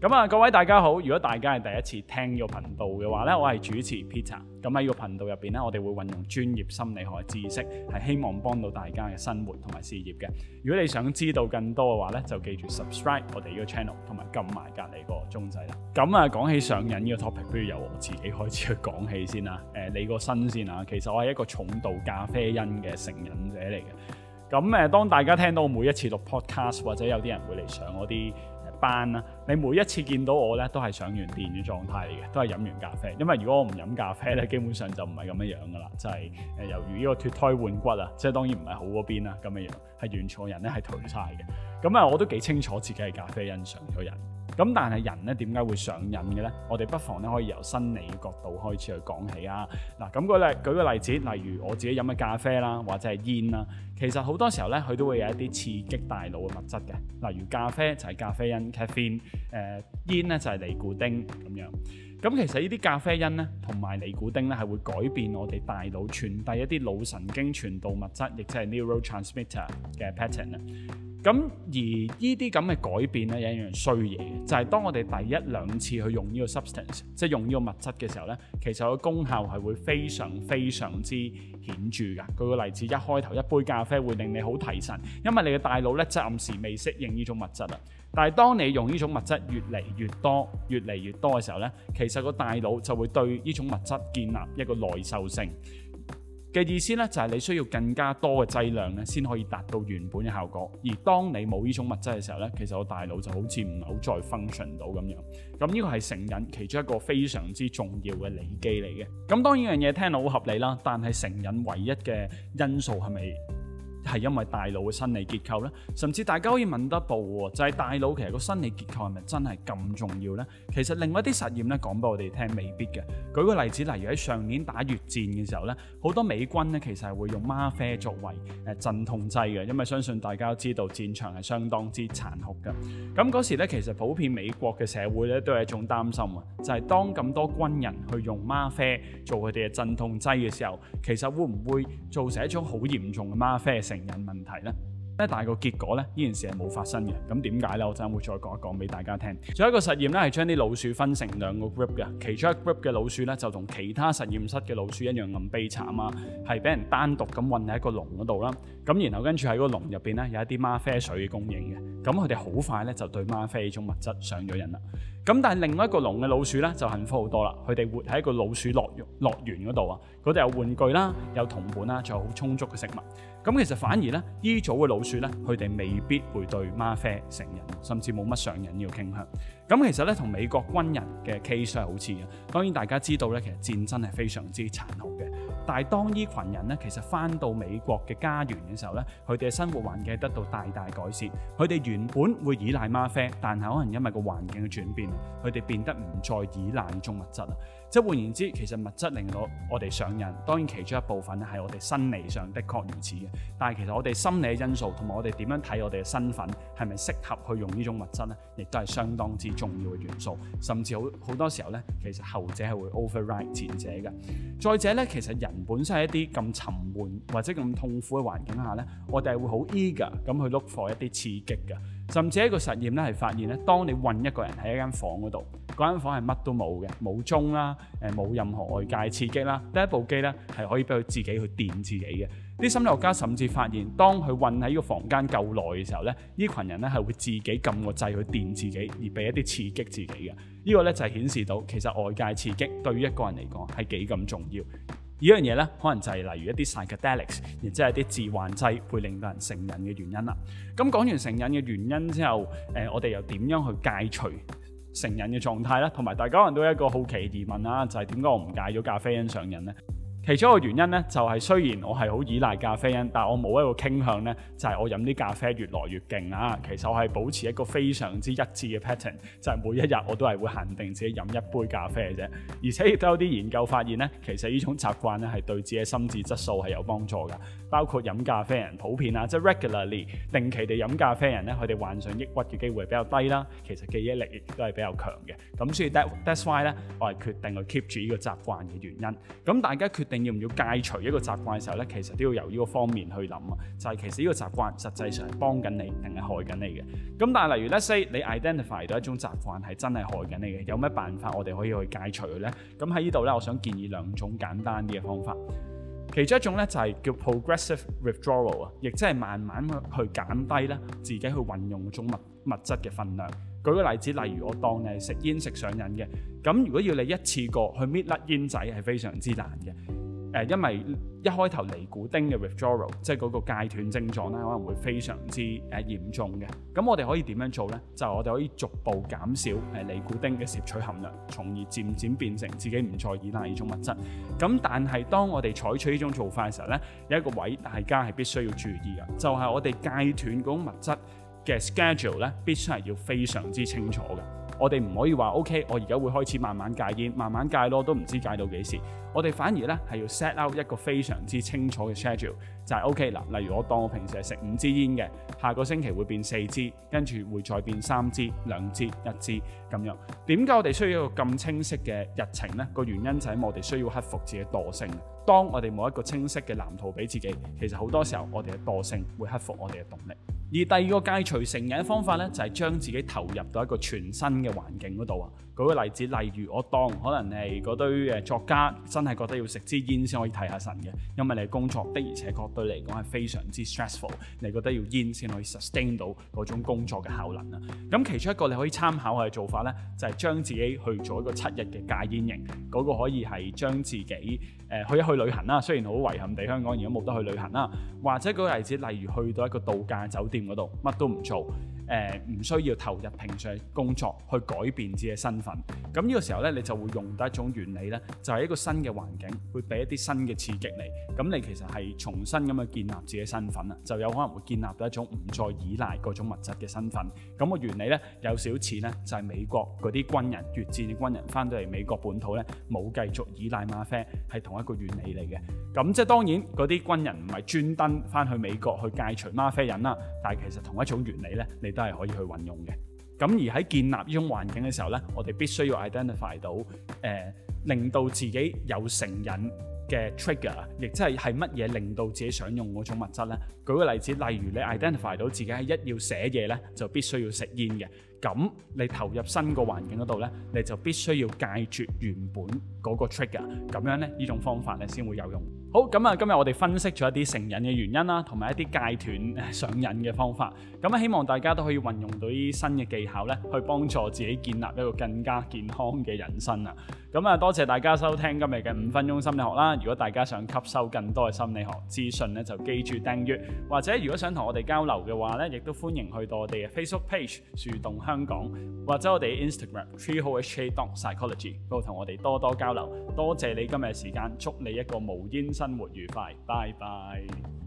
咁啊，各位大家好！如果大家係第一次聽呢個頻道嘅話咧，我係主持 Peter。咁喺呢個頻道入邊咧，我哋會運用專業心理學嘅知識，係希望幫到大家嘅生活同埋事業嘅。如果你想知道更多嘅話咧，就記住 subscribe 我哋呢個 channel，同埋撳埋隔籬個鐘仔啦。咁啊，講起上癮呢個 topic，不如由我自己開始去講起先啦。誒、呃，你個新鮮啊，其實我係一個重度咖啡因嘅成癮者嚟嘅。咁誒、呃，當大家聽到我每一次錄 podcast，或者有啲人會嚟上我啲班啦。你每一次見到我咧，都係上完電嘅狀態嚟嘅，都係飲完咖啡。因為如果我唔飲咖啡咧，基本上就唔係咁樣樣噶啦，就係、是、誒由於呢個脫胎換骨啊，即係當然唔係好嗰邊啦，咁樣樣係完全個人咧係頹晒嘅。咁啊，我都幾清楚自己係咖啡因上咗人。咁但係人咧點解會上癮嘅咧？我哋不妨咧可以由生理角度開始去講起啊。嗱，咁個例，舉個例子，例如我自己飲嘅咖啡啦，或者係煙啦，其實好多時候咧佢都會有一啲刺激大腦嘅物質嘅，例如咖啡就係咖啡因 （caffeine）。誒、uh, 煙咧就係尼古丁咁樣，咁其實呢啲咖啡因咧同埋尼古丁咧係會改變我哋大腦傳遞一啲腦神經傳導物質，亦即係 neural transmitter 嘅 pattern 咧。咁而呢啲咁嘅改變咧有一樣衰嘢，就係當我哋第一兩次去用呢個 substance，即係用呢個物質嘅時候咧，其實個功效係會非常非常之顯著嘅。舉個例子，一開頭一杯咖啡會令你好提神，因為你嘅大腦咧則暫時未適應呢種物質啊。但係當你用呢種物質越嚟越多、越嚟越多嘅時候咧，其實個大腦就會對呢種物質建立一個耐受性。嘅意思咧就係、是、你需要更加多嘅劑量咧，先可以達到原本嘅效果。而當你冇呢種物質嘅時候咧，其實我大腦就好似唔係好再 function 到咁樣。咁呢個係成癮其中一個非常之重要嘅理據嚟嘅。咁當然呢樣嘢聽到好合理啦，但係成癮唯一嘅因素係咪？係因為大腦嘅生理結構咧，甚至大家可以問得步喎，就係大腦其實個生理結構係咪真係咁重要咧？其實另外一啲實驗咧講俾我哋聽未必嘅。舉個例子，例如喺上年打越戰嘅時候咧，好多美軍咧其實係會用嗎啡作為誒鎮痛劑嘅，因為相信大家都知道戰場係相當之殘酷嘅。咁嗰時咧，其實普遍美國嘅社會咧都有一種擔心啊，就係當咁多軍人去用嗎啡做佢哋嘅鎮痛劑嘅時候，其實會唔會造成一種好嚴重嘅嗎啡？成癮問題咧，但係個結果咧，依件事係冇發生嘅。咁點解咧？我陣間會再講一講俾大家聽。仲有一個實驗咧，係將啲老鼠分成兩個 group 嘅，其中一個 group 嘅老鼠咧，就同其他實驗室嘅老鼠一樣咁悲慘啊，係俾人單獨咁困喺一個籠嗰度啦。咁然後跟住喺個籠入邊咧，有一啲嗎啡水嘅供應嘅。咁佢哋好快咧，就對嗎啡呢種物質上咗癮啦。咁但係另外一個籠嘅老鼠咧就幸福好多啦，佢哋活喺一個老鼠樂樂園嗰度啊，嗰度有玩具啦，有同伴啦，仲有好充足嘅食物。咁其實反而咧，依組嘅老鼠咧，佢哋未必會對嗎啡成癮，甚至冇乜上癮呢個傾向。咁其實咧，同美國軍人嘅 case 係好似嘅。當然大家知道咧，其實戰爭係非常之殘酷嘅。但係當呢群人咧，其實翻到美國嘅家園嘅時候咧，佢哋嘅生活環境得到大大改善。佢哋原本會依賴嗎啡，但係可能因為個環境嘅轉變，佢哋變得唔再依賴呢種物質。即係換言之，其實物質令到我哋上癮，當然其中一部分咧係我哋生理上的確如此嘅。但係其實我哋心理因素同埋我哋點樣睇我哋嘅身份係咪適合去用呢種物質咧，亦都係相當之重要嘅元素，甚至好好多時候咧，其實後者係會 override 前者嘅。再者咧，其實人本身喺一啲咁沉悶或者咁痛苦嘅環境下咧，我哋係會好 eager 咁去 look for 一啲刺激嘅。甚至一個實驗咧係發現咧，當你困一個人喺一間房嗰度，嗰間房係乜都冇嘅，冇鐘啦，誒冇任何外界刺激啦，第一部機咧係可以俾佢自己去電自己嘅。啲心理學家甚至發現，當佢困喺個房間夠耐嘅時候咧，呢群人咧係會自己撳個掣去電自己，而俾一啲刺激自己嘅。這個、呢個咧就係、是、顯示到其實外界刺激對於一個人嚟講係幾咁重要。呢樣嘢咧，可能就係例如一啲 psychedelics，然之後一啲致幻劑會令到人成癮嘅原因啦。咁、嗯、講完成癮嘅原因之後，誒、呃、我哋又點樣去戒除成癮嘅狀態咧？同埋大家可能都有一個好奇疑問啦，就係、是、點解我唔戒咗咖啡因上癮咧？其中一個原因咧，就係雖然我係好依賴咖啡因，但我冇一個傾向咧，就係我飲啲咖啡越來越勁啊！其實我係保持一個非常之一致嘅 pattern，就係每一日我都係會限定自己飲一杯咖啡嘅啫。而且亦都有啲研究發現咧，其實呢種習慣咧係對自己心智質素係有幫助㗎。包括飲咖啡人普遍啊，即係 regularly 定期地飲咖啡人咧，佢哋患上抑鬱嘅機會比較低啦。其實記憶力亦都係比較強嘅。咁所以 that, that's why 咧，我係決定去 keep 住呢個習慣嘅原因。咁大家決定要唔要戒除一個習慣嘅時候咧，其實都要由呢個方面去諗啊。就係、是、其實呢個習慣實際上係幫緊你，定係害緊你嘅。咁但係例如，let's say 你 identify 到一種習慣係真係害緊你嘅，有咩辦法我哋可以去戒除佢咧？咁喺呢度咧，我想建議兩種簡單啲嘅方法。其中一種咧就係、是、叫 progressive withdrawal 啊，亦即係慢慢去減低咧自己去運用嗰種物物質嘅分量。舉個例子，例如我當你係食煙食上癮嘅，咁如果要你一次過去搣甩煙仔係非常之難嘅。誒，因為一開頭尼古丁嘅 withdrawal 即係嗰個戒斷症狀咧，可能會非常之誒嚴重嘅。咁我哋可以點樣做咧？就係、我哋可以逐步減少誒尼古丁嘅攝取含量，從而漸漸變成自己唔再依賴呢種物質。咁但係當我哋採取呢種做法嘅時候咧，有一個位大家係必須要注意啲嘅，就係、係、我哋戒斷嗰種物質嘅 schedule 咧，必須係要非常之清楚嘅。我哋唔可以話 OK，我而家會開始慢慢戒煙，慢慢戒咯，都唔知戒到幾時。我哋反而呢係要 set out 一個非常之清楚嘅 schedule，就係 OK 嗱。例如我當我平時係食五支煙嘅，下個星期會變四支，跟住會再變三支、兩支、一支咁樣。點解我哋需要一個咁清晰嘅日程呢？個原因就係我哋需要克服自己惰性。當我哋冇一個清晰嘅藍圖俾自己，其實好多時候我哋嘅惰性會克服我哋嘅動力。而第二個戒除成癮嘅方法呢，就係、是、將自己投入到一個全新嘅環境嗰度啊！舉個例子，例如我當可能係嗰堆誒作家，真係覺得要食支煙先可以提下神嘅，因為你工作的而且確對你嚟講係非常之 stressful，你覺得要煙先可以 sustain 到嗰種工作嘅效能啊！咁其中一個你可以參考嘅做法呢，就係、是、將自己去做一個七日嘅戒煙營，嗰、那個可以係將自己誒、呃、去一去旅行啦。雖然好遺憾地香港而家冇得去旅行啦，或者舉個例子，例如去到一個度假酒店。嗰度乜都唔做。誒，唔需要投入平常工作去改變自己身份，咁呢個時候咧，你就會用到一種原理咧，就係一個新嘅環境會俾一啲新嘅刺激你，咁你其實係重新咁去建立自己身份啦，就有可能會建立到一種唔再依賴嗰種物質嘅身份。咁個原理咧，有少少似咧，就係美國嗰啲軍人，越戰嘅軍人翻到嚟美國本土咧，冇繼續依賴馬啡，係同一個原理嚟嘅。咁即係當然嗰啲軍人唔係專登翻去美國去戒除馬啡癮啦，但係其實同一種原理咧你。都係可以去運用嘅。咁而喺建立呢種環境嘅時候咧，我哋必須要 identify 到，誒、呃，令到自己有成癮嘅 trigger，亦即係係乜嘢令到自己想用嗰種物質呢？舉個例子，例如你 identify 到自己係一要寫嘢呢，就必須要食煙嘅。咁你投入新個環境嗰度呢，你就必須要戒絕原本嗰個 trigger，咁樣呢，呢種方法呢先會有用。好，咁啊今日我哋分析咗一啲成癮嘅原因啦，同埋一啲戒斷上癮嘅方法。咁啊希望大家都可以運用到呢啲新嘅技巧呢，去幫助自己建立一個更加健康嘅人生啊！咁啊多謝大家收聽今日嘅五分鐘心理學啦～如果大家想吸收更多嘅心理學資訊咧，就記住訂閱，或者如果想同我哋交流嘅話咧，亦都歡迎去到我哋嘅 Facebook page 樹洞香港，或者我哋嘅 Instagram TreeholeHK Psychology 度同我哋多多交流。多謝你今日時間，祝你一個無煙生活愉快，拜拜。